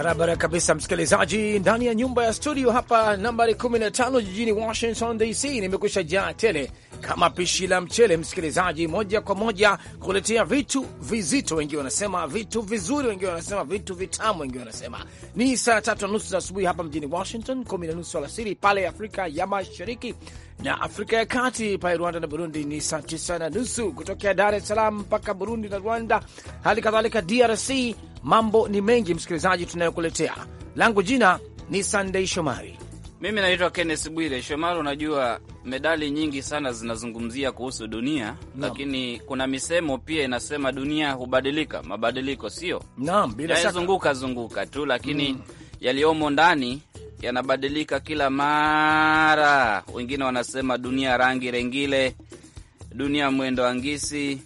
Barabara kabisa, msikilizaji, ndani ya nyumba ya studio hapa nambari 15 jijini Washington DC, nimekusha jaa tele kama pishi la mchele, msikilizaji, moja kwa moja kuletea vitu vizito, Wengi wanasema vitu vizuri, wengi wanasema vitu vitamu, wengi wanasema ni saa tatu na nusu za asubuhi hapa mjini Washington, kumi na nusu alasiri pale Afrika ya Mashariki na Afrika ya Kati, pale Rwanda na Burundi ni saa tisa na nusu kutokea Dar es Salaam mpaka Burundi na Rwanda, hali kadhalika DRC Mambo ni mengi, msikilizaji, tunayokuletea. Langu jina ni Sandei Shomari. Mimi naitwa Kennes Bwire. Shomari, unajua medali nyingi sana zinazungumzia kuhusu dunia no. Lakini kuna misemo pia inasema dunia hubadilika, mabadiliko sio naam, bila shaka zunguka zunguka tu, lakini mm. yaliyomo ndani yanabadilika kila mara. Wengine wanasema dunia rangi rengile, dunia mwendo angisi,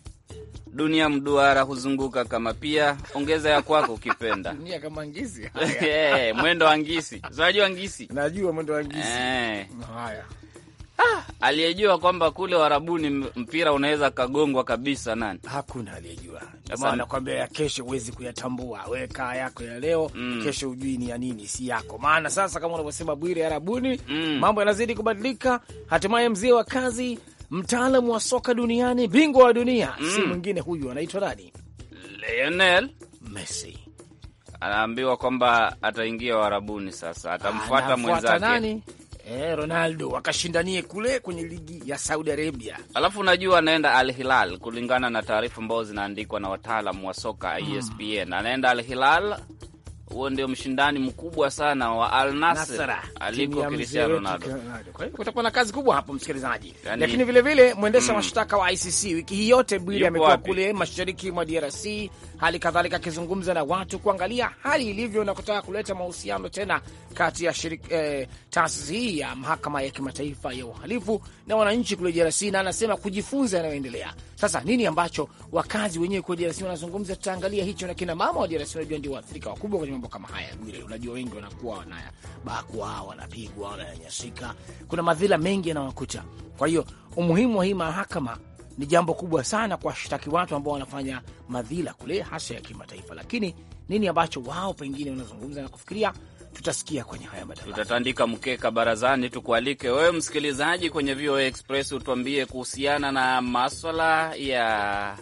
dunia mduara huzunguka kama pia, ongeza ya kwako ukipenda. dunia kama ngisi yeah, mwendo wa ngisi. Unajua ngisi? Najua mwendo wa ngisi. Eh. Mm, haya. Ah, aliyejua kwamba kule Warabuni mpira unaweza kagongwa kabisa nani? Hakuna aliyejua. Maana nakwambia ya kesho huwezi kuyatambua. Weka yako ya leo, mm. Kesho hujui ni ya nini, si yako. Maana sasa kama unavyosema Bwire Arabuni, mm. mambo yanazidi kubadilika. Hatimaye mzee wa kazi mtaalamu wa soka duniani, bingwa wa dunia mm. si mwingine huyu, anaitwa nani? Lionel Messi anaambiwa kwamba ataingia Warabuni sasa, atamfuata mwenzake E, Ronaldo wakashindanie kule kwenye ligi ya Saudi Arabia, alafu unajua anaenda Al Hilal kulingana na taarifa ambazo zinaandikwa na wataalam wa soka mm. ESPN, anaenda Al Hilal huo ndio mshindani mkubwa sana wa Al Nassr aliko Cristiano Ronaldo. Kwa hiyo kutakuwa na kazi kubwa hapo msikilizaji, yani, lakini vilevile mwendesha mm, mashtaka wa ICC wiki hii yote Bwili amekuwa kule mashariki mwa DRC, hali kadhalika akizungumza na watu kuangalia hali ilivyo na kutaka kuleta mahusiano tena kati ya eh, taasisi hii ya mahakama ya kimataifa ya uhalifu na wananchi kule DRC, na anasema kujifunza yanayoendelea sasa. Nini ambacho wakazi wenyewe kule DRC wanazungumza, tutaangalia hicho na kina mama wa DRC wanajua ndio waathirika wakubwa kwenye mambo mambo kama haya Bwire. Unajua wengi wanakuwa wanabakwa, wanapigwa, wananyanyasika, kuna madhila mengi yanawakuta. Kwa hiyo umuhimu wa hii mahakama ni jambo kubwa sana kuwashtaki watu ambao wanafanya madhila kule, hasa ya kimataifa. Lakini nini ambacho wao pengine wanazungumza na kufikiria tutasikia kwenye haya matangazo. Tutatandika mkeka barazani, tukualike wewe msikilizaji kwenye VOA Express utuambie kuhusiana na maswala ya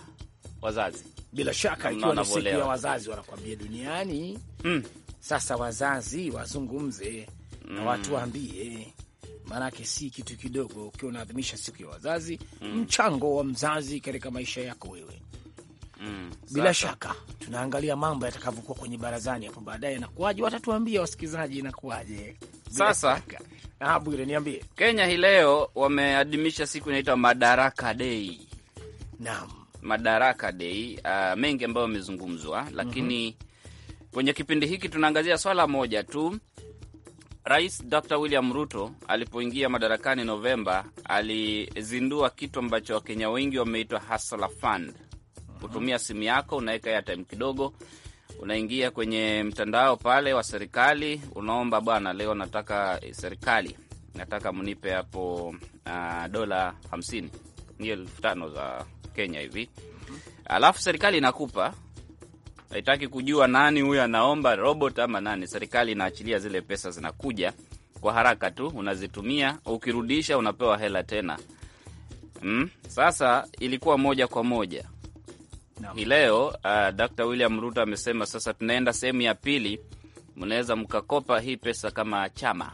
wazazi. Bila shaka, ikiwa ni siku ya wazazi, wanakuambia duniani mm. Sasa wazazi wazungumze mm. na watu waambie, maanake si kitu kidogo ukiwa unaadhimisha siku ya wazazi mm. mchango wa mzazi katika maisha yako wewe mm. bila shaka tunaangalia mambo yatakavyokuwa kwenye barazani hapo baadaye, nakuwaje, watatuambia wasikilizaji inakuwaje. Sasa ah, Bwire, niambie, Kenya hii leo wameadhimisha siku inaitwa Madaraka Day. Naam, Madaraka Day. Uh, mengi ambayo yamezungumzwa lakini mm -hmm. Kwenye kipindi hiki tunaangazia swala moja tu. Rais Dr William Ruto alipoingia madarakani Novemba, alizindua kitu ambacho Wakenya wengi wameitwa Hustler Fund. Kutumia simu yako, unaweka airtime kidogo, unaingia kwenye mtandao pale wa serikali, unaomba bwana, leo nataka serikali, nataka mnipe hapo uh, dola hamsini, ndio elfu tano za Kenya hivi, alafu serikali inakupa haitaki kujua nani huyo anaomba robot ama nani. Serikali inaachilia zile pesa, zinakuja kwa haraka tu, unazitumia, ukirudisha unapewa hela tena. Mm, sasa ilikuwa moja kwa moja hii leo. Uh, Dr. William Ruto amesema sasa tunaenda sehemu ya pili, mnaweza mkakopa hii pesa kama chama.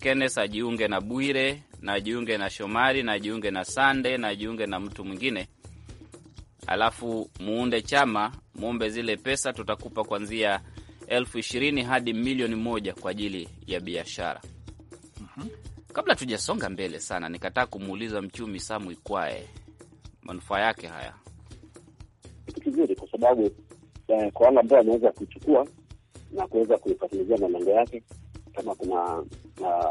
Kenneth ajiunge na Bwire na ajiunge na Shomari na ajiunge na Sande na ajiunge na mtu mwingine alafu muunde chama, mwombe zile pesa, tutakupa kuanzia elfu ishirini hadi milioni moja kwa ajili ya biashara. mm -hmm. Kabla tujasonga mbele sana, nikataa kumuuliza mchumi Samu Ikwae manufaa yake haya. Kitu kizuri kwa sababu eh, kwa wale ambao wanaweza kuichukua na kuweza kuifatilizia malengo yake, kama kuna uh, ah,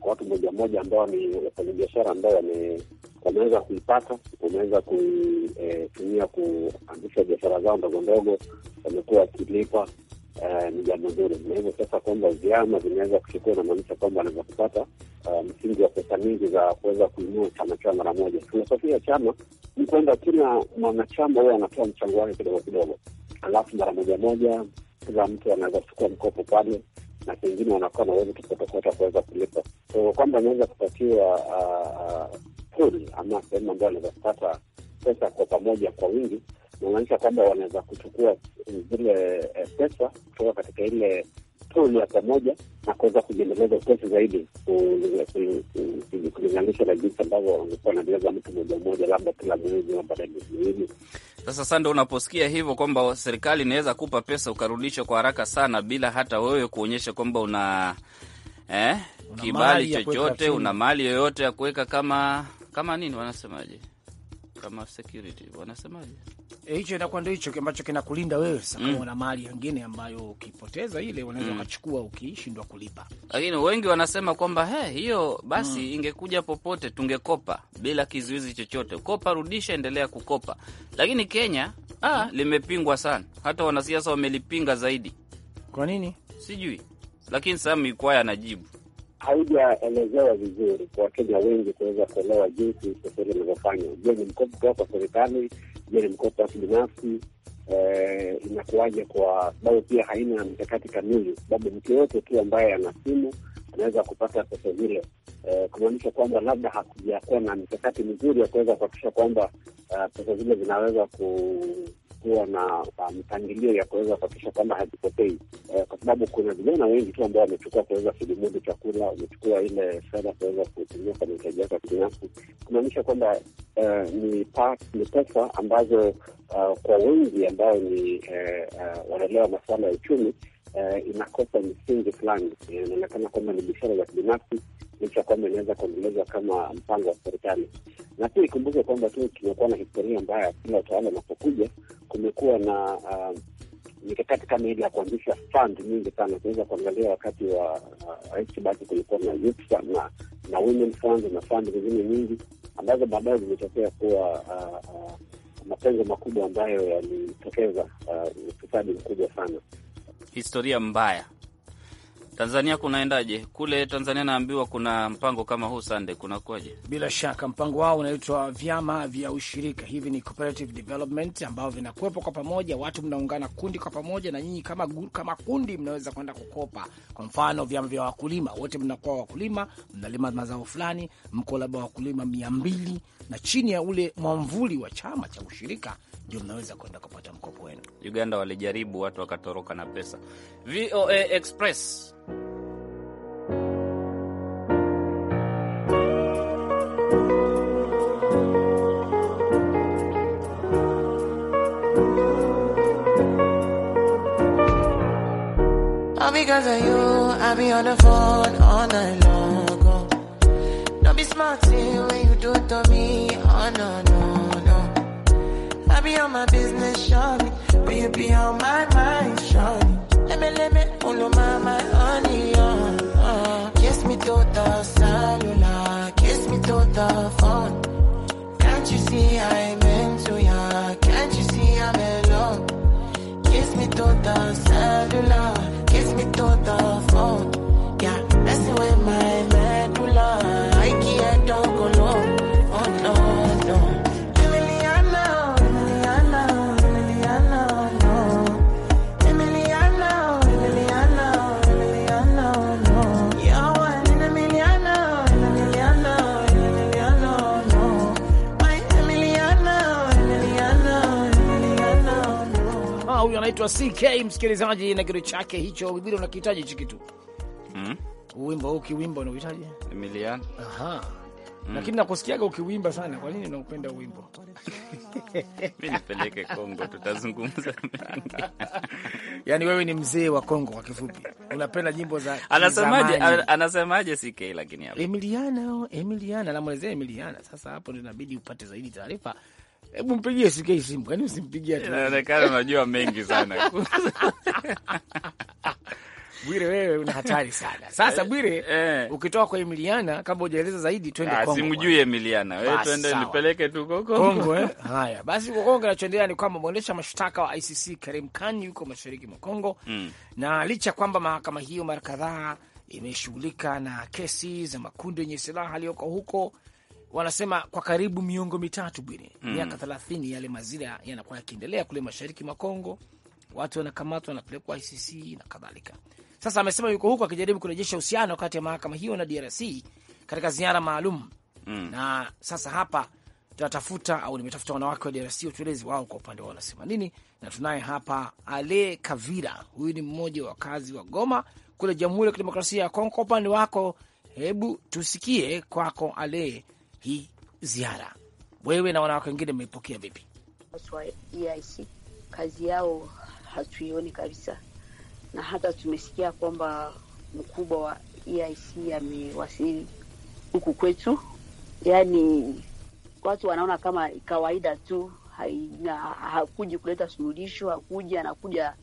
kwa watu moja moja ambao ni wafanyabiashara ambao wame wameweza kuipata, wameweza kutumia eh, kuanzisha biashara zao ndogo ndogo, wamekuwa wakilipa Uh, ni jambo zuri, na hivyo sasa kwamba vyama vinaweza kuchukua, inamaanisha kwamba wanaweza kupata uh, msingi wa pesa nyingi za kuweza kuinua chama chao mara moja. Filosofia ya chama ni kwamba kila mwanachama huyo anatoa mchango wake kidogo kidogo, alafu mara moja moja kila mtu anaweza kuchukua mkopo pale, na pengine wanakuwa na uwezo tukotokota kuweza kulipa, so kwamba anaweza kupatiwa uh, uh, pool ama sehemu ambayo wanaweza kupata pesa kwa pamoja kwa wingi, namaanisha kwamba wanaweza kuchukua zile eh, pesa kutoka katika ile pool ya pamoja na kuweza kujiendeleza upesi zaidi kulinganisha na jinsi ambavyo wangekuwa wanaendeleza mtu moja moja labda kila mwezi au baada ya miezi miwili. Sasa sando, unaposikia hivyo kwamba serikali inaweza kupa pesa ukarudishwa kwa haraka sana bila hata wewe kuonyesha kwamba una eh, kibali chochote una mali yoyote ya kuweka kama kama nini wanasemaje, kama security wanasemaje? Eh, hicho inakuwa ndio hicho ambacho kinakulinda wewe sasa. Kama mm. una mali nyingine ambayo ukipoteza ile unaweza mm. ukachukua ukishindwa kulipa, lakini wengi wanasema kwamba he, hiyo basi mm, ingekuja popote tungekopa bila kizuizi chochote. Kopa, rudisha, endelea kukopa. Lakini Kenya ah, mm, limepingwa sana, hata wanasiasa wamelipinga zaidi. Kwa nini sijui, lakini Sami Ikwaya anajibu haujaelezewa vizuri kwa Wakenya wengi kuweza kuelewa jinsi safari inavyofanya. Je, ni mkopo kutoka kwa serikali? Je, ni mkopo wa kibinafsi? Eh, inakuwaje? Kwa sababu pia haina mikakati kamili, sababu mtu yoyote tu ambaye ana simu anaweza kupata pesa zile, eh, kumaanisha kwamba labda hakujakuwa na mikakati mizuri ya kuweza kuhakikisha kwamba uh, pesa zile zinaweza ku kuwa na um, mpangilio ya kuweza kuhakikisha kwamba hazipotei eh, kwa sababu kuna vijana wengi tu ambao wamechukua kuweza kujimudu chakula, wamechukua ile fedha kuweza kutumia kwa mahitaji yako ya kibinafsi, kumaanisha kwamba eh, ni, pesa ambazo uh, kwa wengi ambao ni uh, wanaelewa masuala ya uchumi uh, inakosa misingi fulani. Inaonekana kwamba ni biashara za kibinafsi, licha kwamba inaweza kuendelezwa kama mpango wa serikali. Na pia ikumbuke kwamba tu tumekuwa na historia mbaya, kila utawala unapokuja kumekuwa na uh, mikakati kama ile ya kuanzisha fund nyingi sana. Tunaweza kuangalia wakati wa ah, Rais Kibaki kulikuwa na youth fund na na women fund na fund zingine nyingi ambazo baadaye zimetokea kuwa uh, uh, mapengo makubwa ambayo yalitokeza ufisadi uh, mkubwa sana historia mbaya. Tanzania kunaendaje? Kule Tanzania naambiwa kuna mpango kama huu Sande, kunakuwaje? Bila shaka mpango wao unaitwa vyama vya ushirika, hivi ni cooperative development, ambao vinakuwepo kwa pamoja, watu mnaungana kundi kwa pamoja, na nyinyi kama, kama kundi mnaweza kwenda kukopa. Kwa mfano vyama vya wakulima, wote mnakuwa wakulima, mnalima mazao fulani, mko labda wakulima mia mbili, na chini ya ule mwamvuli wa chama cha ushirika ndio mnaweza kwenda kupata mkopo wenu. Uganda walijaribu, watu wakatoroka na pesa. VOA Express Don't be smart when you do it to me. Oh no no. I be on my business, shawty. Will you be on my mind, shawty. CK msikilizaji na kitu chake hicho, vile unakihitaji hichi kitu mm. Uwimbo ukiwimba unahitaji Emilian, aha mm. Lakini nakusikiaga ukiwimba sana, kwa nini unaupenda uwimbo? Mimi nipeleke Kongo, tutazungumza mengi yani wewe ni mzee wa Kongo kwa kifupi, unapenda nyimbo za anasemaje? Anasemaje CK? Lakini hapo Emiliano, Emiliana namwelezea Emiliana. Sasa hapo ndio inabidi upate zaidi taarifa Hebu mpigie CK simu, kwani usimpigia? Inaonekana unajua mengi sana Bwire, wewe una hatari sana. Sasa Bwire, eh, eh. ukitoka kwa Emiliana, kama ujaeleza zaidi, twende ah, Kongo. Simjui Emiliana, wewe twende nipeleke tu Kongo. Kongo eh? Haya basi, kwa Kongo kinachoendelea ni kwamba mwendesha mashtaka wa ICC Karim Khan yuko mashariki mwa Kongo mm. na licha kwamba mahakama hiyo mara kadhaa imeshughulika na kesi za makundi yenye silaha aliyoko huko wanasema kwa karibu miongo mitatu Bwire, mm. miaka mm. thelathini, yale mazira yanakuwa yakiendelea kule mashariki mwa Kongo, watu wanakamatwa wanapelekwa ICC na kadhalika. Sasa amesema yuko huko akijaribu kurejesha uhusiano kati ya mahakama hiyo na DRC katika ziara maalum mm. na sasa hapa tunatafuta au nimetafuta wanawake wa DRC watuelezi wao kwa upande wao wanasema nini, na tunaye hapa Ale Kavira, huyu ni mmoja wa kazi wa Goma kule Jamhuri ya Kidemokrasia ya Kongo. Kwa upande wako, hebu tusikie kwako Ale hii ziara, wewe na wanawake wengine mmeipokea vipi? Watu e kazi yao hatuioni kabisa, na hata tumesikia kwamba mkubwa wa EIC amewasili huku kwetu, yaani watu wanaona kama kawaida tu, hakuji kuleta suluhisho, hakuji, anakuja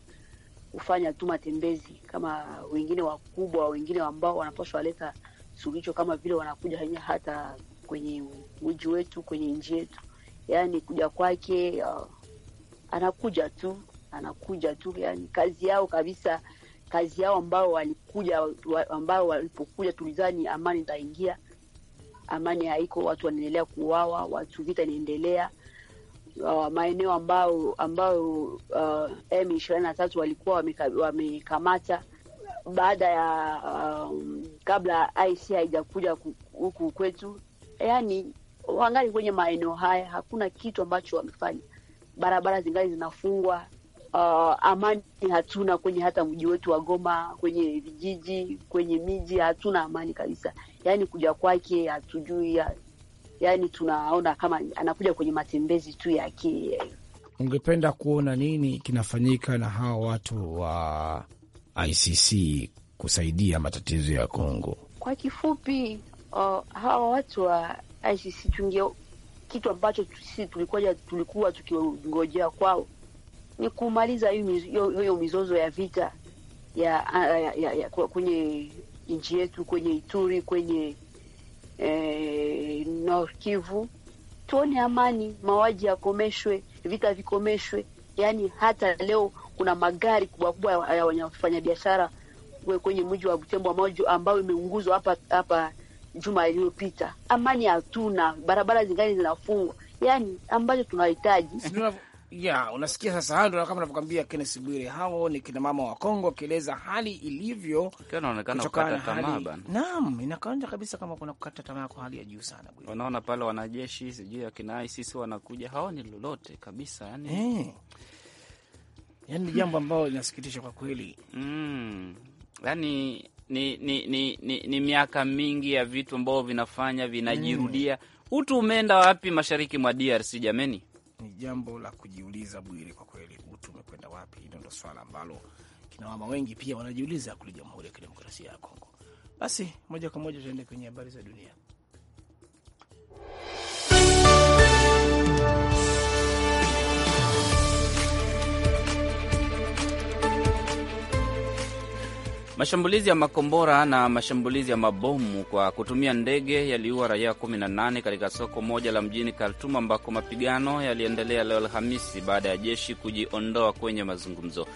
kufanya tu matembezi kama wengine wakubwa, wengine ambao wanapaswa waleta suluhisho kama vile, wanakuja hata kwenye uji wetu, kwenye nji yetu. Yani kuja kwake uh, anakuja tu anakuja tu, yani kazi yao kabisa, kazi yao ambao walikuja wa, ambao walipokuja tulizani amani itaingia. Amani haiko, watu wanaendelea kuuawa, watu vita inaendelea. Uh, maeneo ambao ambao uh, M ishirini na tatu walikuwa wamekamata baada ya um, kabla IC haijakuja huku kwetu yani wangali kwenye maeneo haya, hakuna kitu ambacho wamefanya. Barabara zingali zinafungwa, uh, amani hatuna kwenye hata mji wetu wa Goma, kwenye vijiji, kwenye miji hatuna amani kabisa. Yani kuja kwake hatujui ya, yani tunaona kama anakuja kwenye matembezi tu yake. Ungependa kuona nini kinafanyika na hawa watu wa ICC kusaidia matatizo ya Kongo? Kwa kifupi, uh, hawa watu wa ICC tuingie kitu ambacho sisi tulikuwa tulikuwa tukingojea kwao ni kumaliza hiyo mizozo ya vita ya, uh, ya, ya, ya kwenye nchi yetu, kwenye Ituri, kwenye eh, North Kivu. Tuone amani, mauaji yakomeshwe, vita vikomeshwe. Yaani hata leo kuna magari kubwa kubwa ya wafanyabiashara kwenye mji wa Butembo ambayo imeunguzwa hapa hapa juma iliyopita. Amani hatuna, barabara zingine zinafungwa, yani ambacho tunahitaji ya unasikia sasa, hao kama navyokwambia Kenneth Bwire, hao ni kina mama wa Kongo wakieleza hali ilivyo, inaonekana kukata Naam, kabisa kama kuna kukata tamaa kwa hali ya juu sana. unaona pale wanajeshi sijui akina ISIS wanakuja, haoni lolote kabisa yani hey. Eh. Yani ni jambo ambalo linasikitisha kwa kweli mm. Yani ni, ni, ni, ni, ni miaka mingi ya vitu ambavyo vinafanya vinajirudia. Mm. Utu umeenda wapi mashariki mwa DRC jameni? Ni jambo la kujiuliza Bwire, kwa kweli, utu umekwenda wapi? Hilo ndo swala ambalo kina mama wengi pia wanajiuliza kule Jamhuri ya Kidemokrasia ya Kongo. Basi moja kwa moja tuende kwenye habari za dunia. Mashambulizi ya makombora na mashambulizi ya mabomu kwa kutumia ndege yaliua raia 18 katika soko moja la mjini Khartum ambako mapigano yaliendelea leo Alhamisi baada ya jeshi kujiondoa kwenye mazungumzo.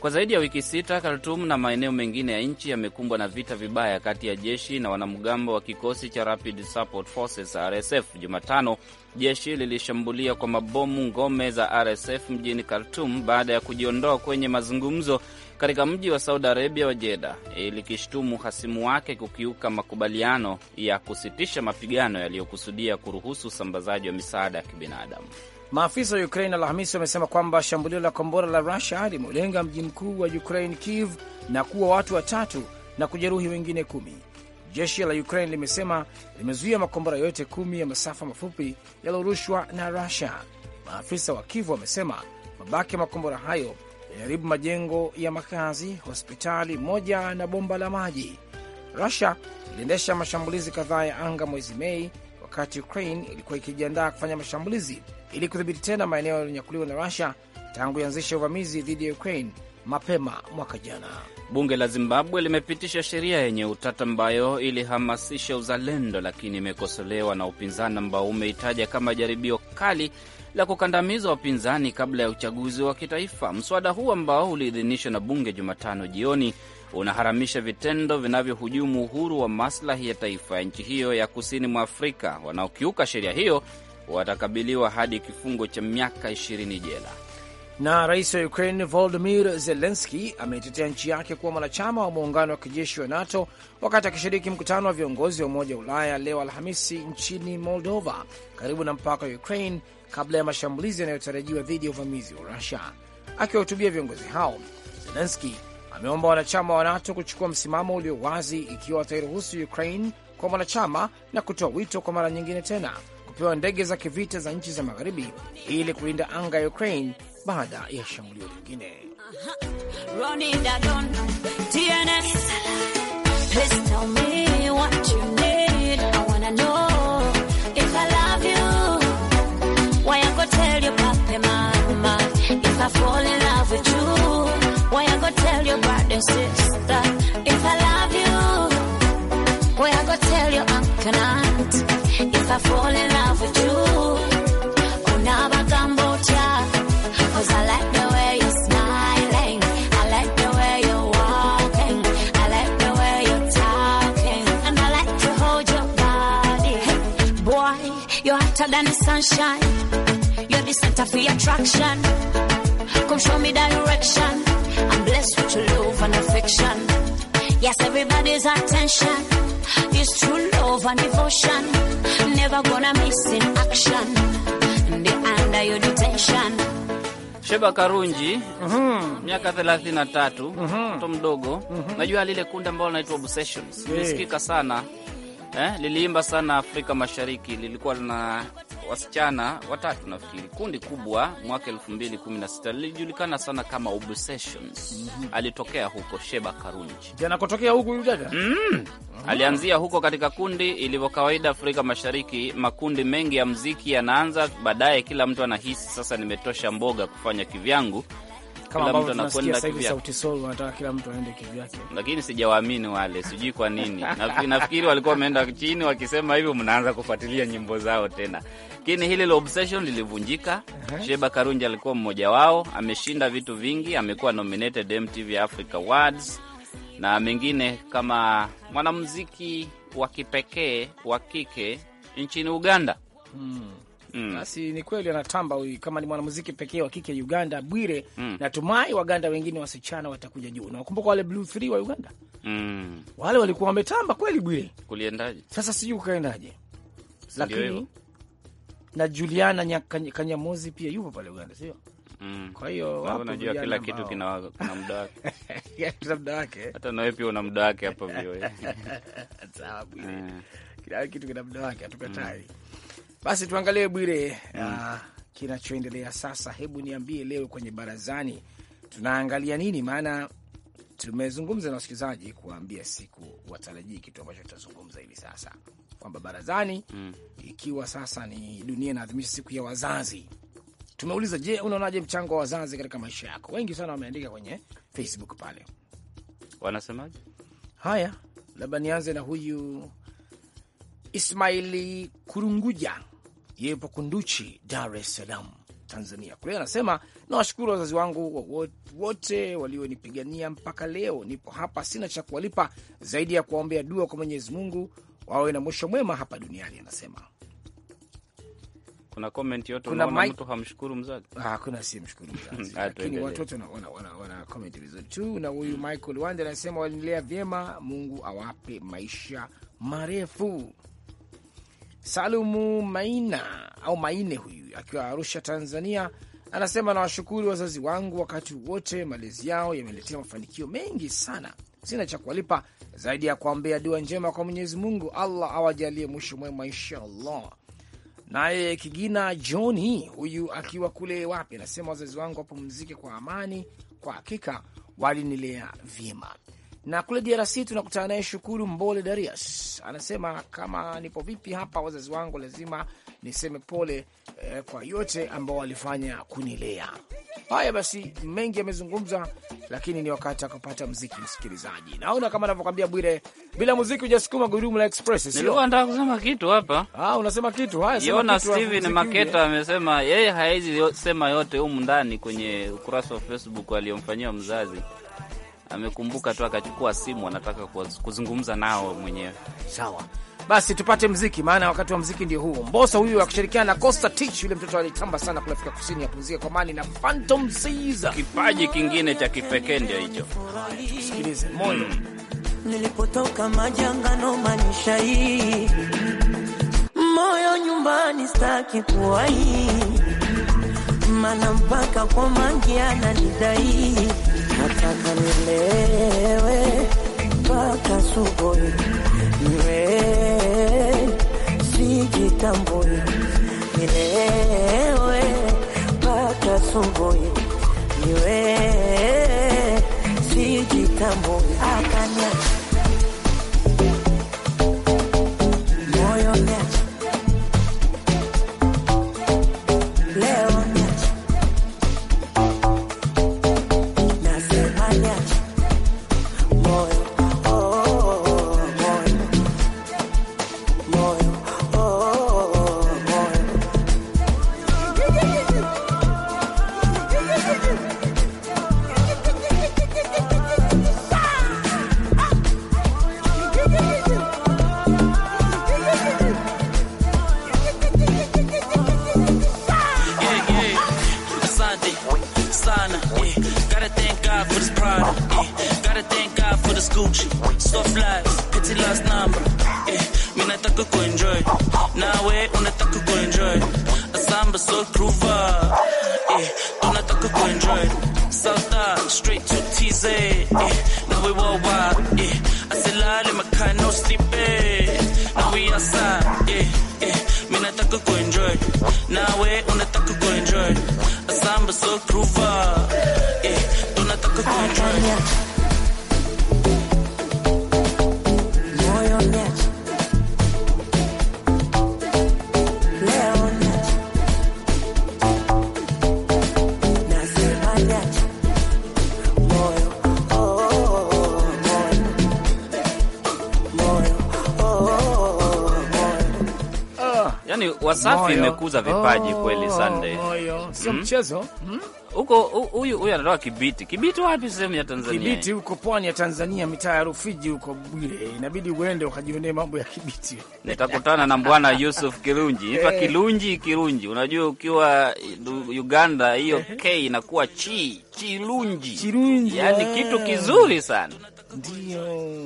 Kwa zaidi ya wiki sita, Khartum na maeneo mengine ya nchi yamekumbwa na vita vibaya kati ya jeshi na wanamgambo wa kikosi cha Rapid Support Forces RSF. Jumatano jeshi lilishambulia kwa mabomu ngome za RSF mjini Khartum baada ya kujiondoa kwenye mazungumzo katika mji wa Saudi Arabia wa jeda likishtumu hasimu wake kukiuka makubaliano ya kusitisha mapigano yaliyokusudia kuruhusu usambazaji wa misaada ya kibinadamu. Maafisa wa Ukraine Alhamisi wamesema kwamba shambulio la kombora la Rusia limeulenga mji mkuu wa Ukraine, Kiev, na kuwa watu watatu na kujeruhi wengine kumi. Jeshi la Ukraine limesema limezuia makombora yote kumi ya masafa mafupi yaliyorushwa na Rusia. Maafisa wa Kiev wamesema mabaki ya makombora hayo yaharibu majengo ya makazi, hospitali moja na bomba la maji. Rusia iliendesha mashambulizi kadhaa ya anga mwezi Mei wakati Ukraine ilikuwa ikijiandaa kufanya mashambulizi ili kudhibiti tena maeneo yaliyonyakuliwa na Rusia tangu ianzishe uvamizi dhidi ya Ukraine mapema mwaka jana. Bunge la Zimbabwe limepitisha sheria yenye utata ambayo ilihamasisha uzalendo, lakini imekosolewa na upinzani ambao umeitaja kama jaribio kali la kukandamiza wapinzani kabla ya uchaguzi wa kitaifa. Mswada huu ambao uliidhinishwa na bunge Jumatano jioni unaharamisha vitendo vinavyohujumu uhuru wa maslahi ya taifa ya nchi hiyo ya kusini mwa Afrika. Wanaokiuka sheria hiyo watakabiliwa hadi kifungo cha miaka 20 jela. Na rais wa Ukraine Volodimir Zelenski ameitetea nchi yake kuwa mwanachama wa muungano wa kijeshi wa NATO wakati akishiriki mkutano wa viongozi wa Umoja wa Ulaya leo Alhamisi nchini Moldova, karibu na mpaka wa Ukraine kabla ya mashambulizi yanayotarajiwa dhidi ya uvamizi wa Rusia. Akiwahutubia viongozi hao, Zelenski ameomba wanachama wa NATO kuchukua msimamo ulio wazi ikiwa watairuhusu Ukraine kwa mwanachama na kutoa wito kwa mara nyingine tena kupewa ndege za kivita za nchi za magharibi ili kulinda anga ya Ukraine baada ya shambulio lingine. Uh-huh. Why I go tell your papa mama if I fall in love with you? Why I go tell your brother sister if I love you? Why I go tell your uncle aunt if I fall in love with you? Oh, Cause I like the way you hotter than the sunshine. But for feel attraction. Come show me direction. I'm blessed with your love and affection. Yes, everybody's attention is true love and devotion. Never gonna miss in action. And They under your detention. Sheba Karunji mhm. miaka mm -hmm. 33 mm -hmm. mtoto mdogo mm -hmm. Najua lile kundi ambalo linaitwa Obsessions limesikika yeah. sana eh, liliimba sana Afrika Mashariki, lilikuwa lina wasichana watatu nafikiri, kundi kubwa mwaka 2016 lilijulikana sana kama Obsessions. mm -hmm. Alitokea huko Sheba Karunji, kutokea huku huyu mm. mm -hmm. Alianzia huko katika kundi. Ilivyo kawaida Afrika Mashariki, makundi mengi ya mziki yanaanza baadaye, kila mtu anahisi sasa nimetosha mboga kufanya kivyangu lakini sijawaamini wale, sijui kwa nini. Nafikiri walikuwa wameenda chini wakisema hivyo, mnaanza kufuatilia nyimbo zao tena lakini hili la obsession lilivunjika. uh -huh. Sheba Karunji alikuwa mmoja wao, ameshinda vitu vingi, amekuwa nominated MTV Africa Awards na mengine kama mwanamuziki wa kipekee wa kike nchini Uganda. hmm. Mm. Basi ni kweli anatamba huyu, kama ni mwanamuziki pekee wa kike Uganda Bwire. mm. Natumai Waganda wengine wasichana watakuja juu, na wale Blue 3 wa Uganda. mm. wale walikuwa wametamba kweli Bwire, kuliendaje? Sasa sijui ukaendaje, lakini na Juliana Kanyamozi pia yupo pale Uganda, sio? Mm. Kwa hiyo wapo, kila kitu kina muda wake. muda wake. Hata pia una muda wake hapa eh. Kila kitu kina muda wake, hatukatai. Mm. Basi tuangalie Bwire, mm. Ah, kinachoendelea sasa. Hebu niambie leo kwenye barazani tunaangalia nini maana tumezungumza na wasikilizaji kuwaambia siku watarajii kitu ambacho tutazungumza hivi sasa kwamba barazani mm. ikiwa sasa ni dunia inaadhimisha siku ya wazazi tumeuliza je, unaonaje mchango wa wazazi katika maisha yako? Wengi sana wameandika kwenye Facebook pale, wanasemaje? Haya, labda nianze na huyu Ismaili Kurunguja, yupo Kunduchi, Dar es Salaam. Tanzania. Kwa hiyo anasema nawashukuru wazazi wangu wote walionipigania mpaka leo nipo hapa, sina cha kuwalipa zaidi ya kuwaombea dua kwa Mwenyezi Mungu wawe na mwisho mwema hapa duniani, anasema kuna comment yote, kuna unaona mtu hamshukuru mzazi ah, kuna si mshukuru mzazi lakini watoto wana, wana, wana, wana comment vizuri tu. Na huyu Michael Wande anasema walinilea vyema, Mungu awape maisha marefu. Salumu Maina au Maine huyu akiwa Arusha, Tanzania, anasema nawashukuru wazazi wangu wakati wote, malezi yao yameletea mafanikio mengi sana. Sina cha kuwalipa zaidi ya kuambea dua njema kwa Mwenyezi Mungu, Allah awajalie mwisho mwema, inshallah. Naye Kigina Johni huyu akiwa kule wapi, anasema wazazi wangu wapumzike kwa amani, kwa hakika walinilea vyema. Na kule DRC tunakutana naye Shukuru Mbole Darius, anasema kama nipo vipi hapa, wazazi wangu lazima niseme pole eh, kwa yote ambao walifanya kunilea. Haya basi, mengi yamezungumza, lakini ni wakati wa kupata mziki, msikilizaji. Naona kama anavyokwambia Bwire, bila muziki hujasukuma gurudumu la Express. Nilikuwa nataka kusema kitu hapa. Ah, unasema kitu. Haya, sema Yona Steven Maketa amesema yeye hawezi sema yote humu ndani kwenye ukurasa wa Facebook aliyomfanyia mzazi amekumbuka tu akachukua simu, anataka kuzungumza nao mwenyewe. Sawa basi, tupate mziki, maana wakati wa mziki ndio huu. Mbosa huyu akishirikiana na Costa Titch, yule mtoto alitamba sana kule Afrika Kusini, apumzike kwa amani, na Phantom Caesar, kipaji kingine cha kipekee ndio hicho. Sikilize moyo mm. nilipotoka majangano manisha hii moyo nyumbani staki kuwahi mana mpaka kwa mangi ananidai nataka nilewe mpaka subuhi, niwe sijitambui, nilewe mpaka subuhi, niwe sijitambui akana Eh, a soul groover. Eh, tunataka kuenjoy South straight to TZ eh, Now we worldwide eh, my makhaya no sleep eh. Now we outside eh, eh, Mina taka kuenjoy Nawe unataka kuenjoy A samba soul groover eh, Tunataka kuenjoy Wasafi imekuza vipaji oh, kweli Sunday. Hmm? Sio mchezo. Hmm? Huko huyu huyu anatoka Kibiti. Kibiti wapi sehemu ya Tanzania? Kibiti huko pwani ya Tanzania mitaa ya Rufiji huko bure. Inabidi uende ukajionee mambo ya Kibiti. Nitakutana na Bwana Yusuf Kirunji. Ipa eh. Kirunji Kirunji. Unajua ukiwa Uganda hiyo eh. K inakuwa chi Chirunji. Chirunji. Yaani kitu kizuri sana. Ndio.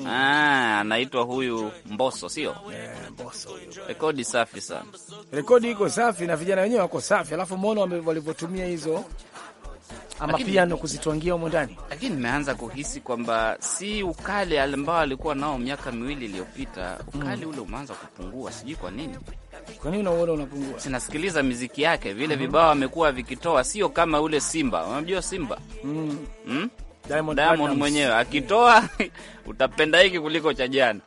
Ah, anaitwa huyu mboso sio? Yeah, huyo. Rekodi safi sana. Rekodi iko safi na vijana wenyewe wako safi. Alafu muone walivyotumia hizo ama piano kuzitwangia humo ndani. Lakini nimeanza kuhisi kwamba si ukali ambao alikuwa nao miaka miwili iliyopita, ukali mm, ule umeanza kupungua, sijui kwa nini. Kwa nini unaona unapungua? Sinasikiliza miziki yake vile, mm -hmm. Vibao amekuwa vikitoa sio kama ule Simba. Unamjua Simba? Mm. Mm? Diamond, Diamond mwenyewe akitoa utapenda hiki kuliko cha jana.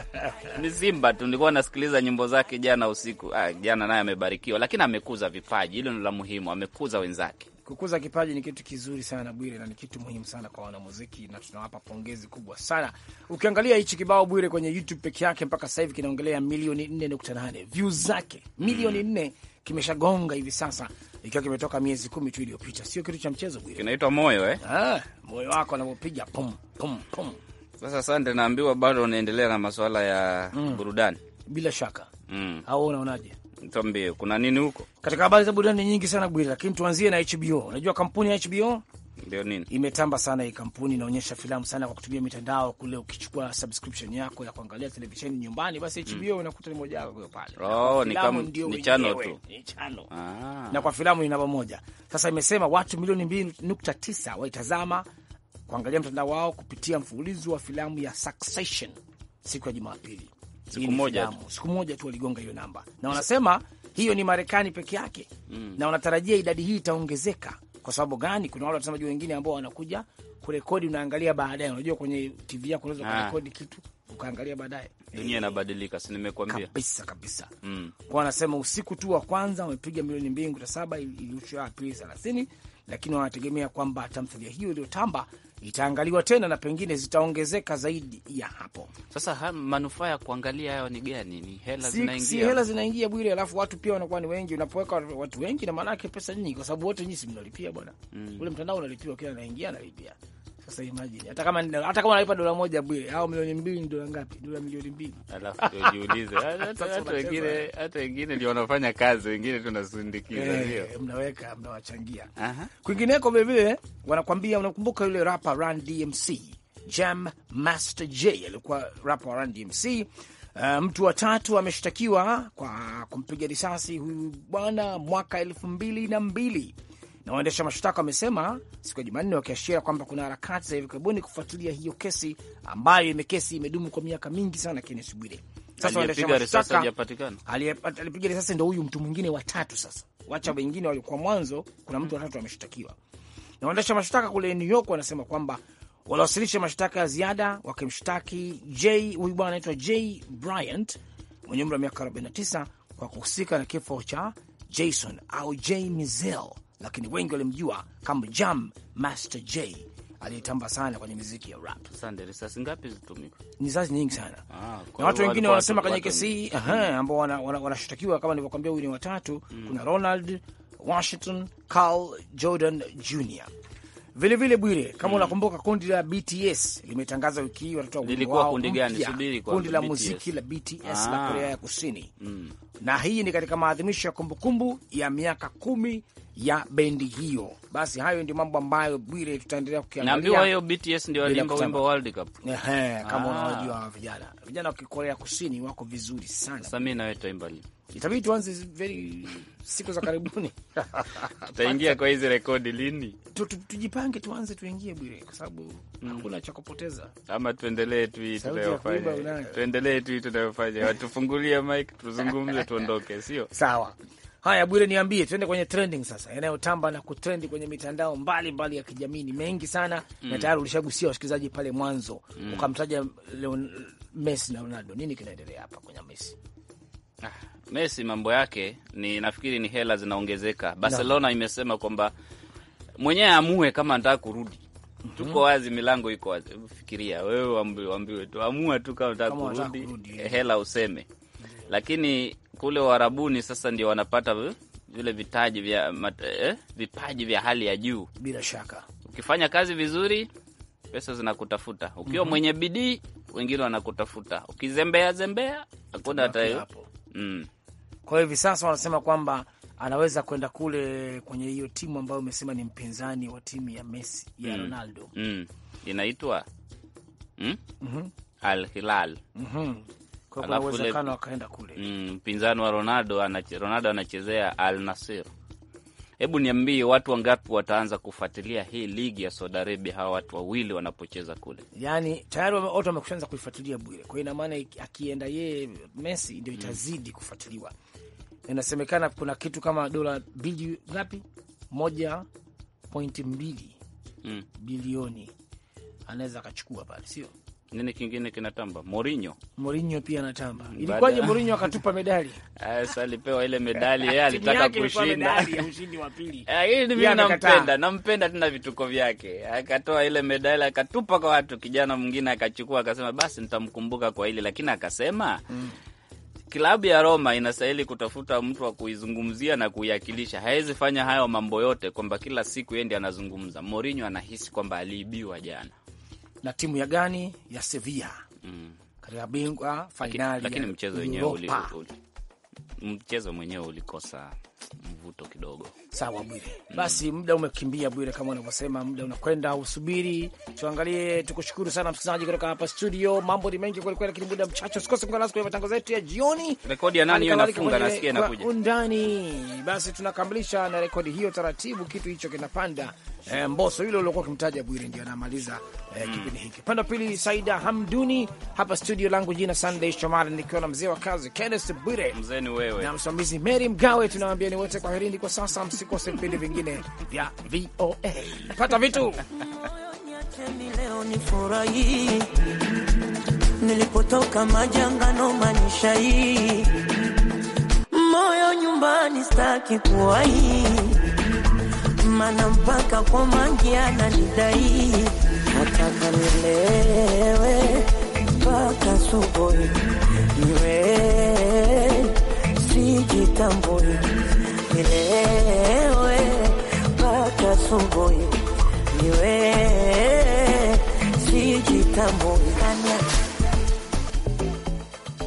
Ni Simba tu, nilikuwa nasikiliza nyimbo zake jana usiku. Ah, jana naye amebarikiwa, lakini amekuza vipaji, hilo ni la muhimu, amekuza wenzake kukuza kipaji ni kitu kizuri sana Bwire, na ni kitu muhimu sana kwa wanamuziki, na tunawapa pongezi kubwa sana. Ukiangalia hichi kibao Bwire kwenye YouTube peke yake mpaka sasa hivi kinaongelea milioni 4.8 views zake milioni 4 mm. kimeshagonga hivi sasa, ikiwa kimetoka miezi kumi tu iliyopita. Sio kitu cha mchezo Bwire, kinaitwa moyo eh? Ah, moyo wako anapopiga pum pum pum. Sasa sande, naambiwa bado unaendelea na masuala ya mm. burudani bila shaka mm. au unaonaje? Tuambie, kuna nini huko katika habari za burudani? Nyingi sana Bwiri, lakini tuanzie na HBO. Unajua kampuni ya HBO ndio nini imetamba sana. Hii kampuni inaonyesha filamu sana kwa kutumia mitandao kule. Ukichukua subscription yako ya kuangalia televisheni nyumbani, basi HBO unakuta mm. ni moja yako pale. Oh, ni kama ni channel tu, ni channel ah. na kwa filamu ni namba moja. Sasa imesema watu milioni 2.9 waitazama kuangalia mtandao wao kupitia mfululizo wa filamu ya Succession siku ya Jumapili siku moja, siku moja tu waligonga hiyo namba, na wanasema hiyo ni Marekani peke yake mm. na wanatarajia idadi hii itaongezeka. Kwa sababu gani? Kuna wale watazamaji wengine ambao wanakuja kurekodi, unaangalia baadaye. Unajua kwenye TV yako unaweza ah. kurekodi kitu ukaangalia baadaye. Dunia inabadilika, si nimekuambia kabisa kabisa mm. kwa wanasema usiku tu wa kwanza wamepiga milioni mbili nukta saba ilirushwa Aprili thelathini, lakini wanategemea kwamba tamthilia hiyo iliyotamba itaangaliwa tena na pengine zitaongezeka zaidi ya hapo. Sasa ha, manufaa ya kuangalia hayo ni gani? Ni hela si, zinaingia, si hela zinaingia bwile alafu watu pia wanakuwa ni wengi. Unapoweka watu wengi, na maana yake pesa nyingi, kwa sababu wote nyinyi si mnalipia bwana mm. ule mtandao unalipiwa, kila anaingia analipia sasa imagine hata kama hata kama analipa dola moja bwile au milioni mbili ni dola ngapi? Dola milioni mbili. Alafu tujiulize hata wengine hata wengine ndio wanafanya kazi, wengine tunasindikiza eh, ndio. E, mnaweka mnawachangia. Aha. Kwingineko vile vile wanakwambia, unakumbuka yule rapper Run DMC, Jam Master J alikuwa rapper wa Run DMC. Uh, eh, mtu wa tatu ameshtakiwa kwa kumpiga risasi huyu bwana mwaka elfu mbili na mbili na waendesha mashtaka wamesema siku ya Jumanne, wakiashiria kwamba kuna harakati za hivi karibuni kufuatilia hiyo kesi ambayo imekesi imedumu kwa miaka mingi sana. Kenesi Bwire sasa alipiga risasi, ndo huyu mtu mwingine watatu sasa, wacha mm-hmm. wengine walikuwa mwanzo, kuna mtu watatu ameshtakiwa na waendesha mashtaka kule New York wanasema kwamba waliwasilisha mashtaka ya ziada wakimshtaki J huyu bwana anaitwa J Bryant mwenye umri wa miaka 49 kwa kuhusika na kifo cha Jason au J Mizell lakini wengi walimjua kama Jam Master J aliyetamba sana kwenye miziki ya rap. Risasi ngapi zilitumika? Ni risasi nyingi sana ah, na watu wengine wanasema kwenye kesi hii hmm. ambao wanashtakiwa wana, wana kama nilivyokwambia, huyu ni watatu mm. Kuna Ronald Washington, Carl Jordan Jr vilevile Bwire, kama mm. unakumbuka kundi la BTS limetangaza wiki hii watatoa kundi la muziki la BTS la ah. Korea ya Kusini mm. na hii ni katika maadhimisho ya kumbukumbu ya miaka kumi ya bendi hiyo. Basi hayo ndio mambo ambayo Bwire tutaendelea kukiangalia. hiyo BTS ndio walimba wimbo World Cup. Ehe, kama ah. unajua vijana vijana wa Korea Kusini wako vizuri sana. Sasa mimi na wewe tuimba leo, itabidi tuanze very siku za karibuni tutaingia kwa hizi rekodi lini? Tujipange tuanze, tuingie Bwire, kwa sababu hmm. hakuna cha kupoteza. Ama tuendelee tu hii tunayofanya, tuendelee tu hii tunayofanya, watufungulie mic tuzungumze, tuondoke, sio sawa? Haya, Bwire, niambie, tuende kwenye trending sasa, yanayotamba na kutrendi kwenye mitandao mbalimbali mbali ya kijamii ni mengi sana mm. na tayari ulishagusia wasikilizaji pale mwanzo mm. ukamtaja Leon, Messi na Ronaldo. Nini kinaendelea hapa kwenye Messi? Ah, Messi mambo yake ni nafikiri ni hela zinaongezeka. Barcelona no. imesema kwamba mwenyewe amue kama anataka kurudi mhm. tuko wazi, milango iko wazi. Fikiria wewe, wambiwe tu, amua tu kama unataka kurudi, hela useme lakini kule Uarabuni sasa ndio wanapata vile vitaji vya mat, eh, vipaji vya hali ya juu. Bila shaka ukifanya kazi vizuri, pesa zinakutafuta ukiwa mm -hmm. mwenye bidii, wengine wanakutafuta. Ukizembea zembea hakuna hata mm. Kwa hiyo hivi sasa wanasema kwamba anaweza kwenda kule kwenye hiyo timu ambayo umesema ni mpinzani wa timu ya Messi ya mm. Ronaldo mm. inaitwa mm? mm -hmm. Al Hilal mm -hmm kuna uwezekano akaenda kule. Mpinzani mm, wa Ronaldo anache, Ronaldo anachezea Al Nasir. Hebu niambie watu wangapi wataanza kufuatilia hii ligi ya Saudi Arabia, hawa watu wawili wanapocheza kule? Yani tayari watu wamekushaanza kuifuatilia Bwire. Kwa hiyo ina maana akienda yeye Messi ndio mm. itazidi mm, kufuatiliwa. Inasemekana kuna kitu kama dola bili ngapi, moja pointi mbili mm, bilioni anaweza akachukua pale, sio nini kingine kinatamba? Mourinho, Mourinho pia anatamba. Ilikuwaje Mourinho akatupa medali? Eh, sasa alipewa ile medali, yeye alitaka kushinda, mshindi wa pili. Eh, hii mimi nampenda, nampenda tena vituko vyake. Akatoa ile medali akatupa kwa watu, kijana mwingine akachukua, akasema basi nitamkumbuka kwa hili, lakini akasema mm. Klabu ya Roma inastahili kutafuta mtu wa kuizungumzia na kuiakilisha. Hawezi fanya hayo mambo yote, kwamba kila siku yeye ndiye anazungumza. Mourinho anahisi kwamba aliibiwa jana na timu ya gani ya Sevilla mm. katika bingwa fainali, lakini mchezo wenyewe mwenyewe ulikosa mvuto kidogo. Sawa Bwire, basi mm. muda umekimbia Bwire, kama unavyosema muda unakwenda, usubiri tuangalie. Tukushukuru sana msikilizaji kutoka hapa studio, mambo ni mengi kwelikweli, lakini muda mchache. Usikose kuungana nasi kwenye matangazo yetu ya jioni, rekodi ya nani hiyo inafunga, nasikia inakuja undani. Basi tunakamilisha na rekodi hiyo taratibu, kitu hicho kinapanda. E, eh, Mboso yule uliokuwa ukimtaja Bwire ndio anamaliza e, kipindi hiki. Upande pili Saida Hamduni, hapa studio langu jina Sunday Shomari, nikiwa na mzee wa kazi Kenneth Bwire, mzee ni wewe, na msimamizi Mary Mgawe, tunawaambia wageni wote, kwaherini kwa sasa, msikose vipindi vingine vya VOA pata vitu nilipotoka majangano manisha hii moyo nyumbani staki kuwahi mana mpaka kwa mangiana nidai nataka kanilewe mpaka suboi niwe sijitambui nichelewe mpaka asubuhi niwe sijitambui